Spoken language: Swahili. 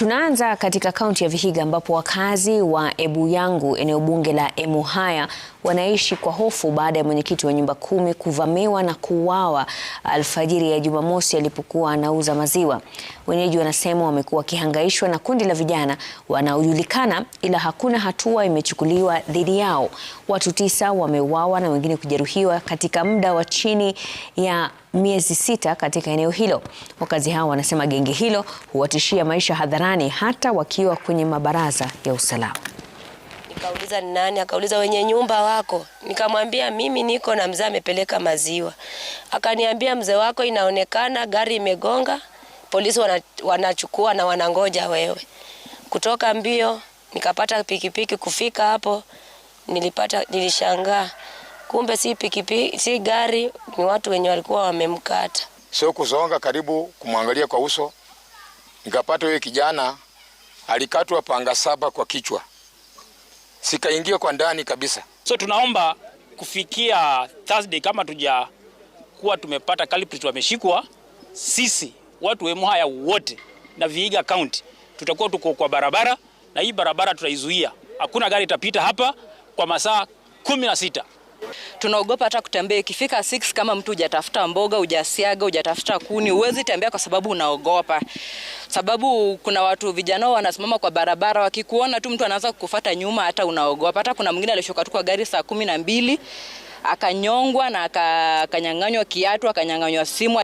Tunaanza katika kaunti ya Vihiga ambapo wakazi wa Ebuyangu eneo bunge la Emuhaya wanaishi kwa hofu baada ya mwenyekiti wa nyumba kumi kuvamiwa na kuuawa alfajiri ya Jumamosi alipokuwa anauza maziwa. Wenyeji wanasema wamekuwa wakihangaishwa na kundi la vijana wanaojulikana, ila hakuna hatua imechukuliwa dhidi yao. Watu tisa wameuawa na wengine kujeruhiwa katika muda wa chini ya miezi sita katika eneo hilo. Wakazi hao wanasema genge hilo huwatishia maisha hadharani nane hata wakiwa kwenye mabaraza ya usalama. Nikauliza ni nani? Akauliza wenye nyumba wako. Nikamwambia mimi niko na mzee amepeleka maziwa. Akaniambia mzee wako, inaonekana gari imegonga, polisi wanachukua na wanangoja wewe. Kutoka mbio nikapata pikipiki, kufika hapo nilipata, nilishangaa kumbe si pikipiki, si gari, ni watu wenye walikuwa wamemkata. Sio kuzonga, karibu kumwangalia kwa uso nikapata huyo kijana alikatwa panga saba kwa kichwa, sikaingia kwa ndani kabisa. So tunaomba kufikia Thursday, kama tujakuwa tumepata culprit wameshikwa, sisi watu wa Muhaya wote na Vihiga County tutakuwa tuko kwa barabara, na hii barabara tutaizuia, hakuna gari itapita hapa kwa masaa kumi na sita. Tunaogopa hata kutembea. Ikifika 6 kama mtu hujatafuta mboga, hujasiaga, hujatafuta kuni, huwezi tembea kwa sababu unaogopa. Sababu kuna watu vijana wanasimama kwa barabara, wakikuona tu mtu anaanza kukufuata nyuma, hata unaogopa. Hata kuna mwingine alishuka tu kwa gari saa kumi na mbili akanyongwa na akanyang'anywa kiatu, akanyang'anywa simu.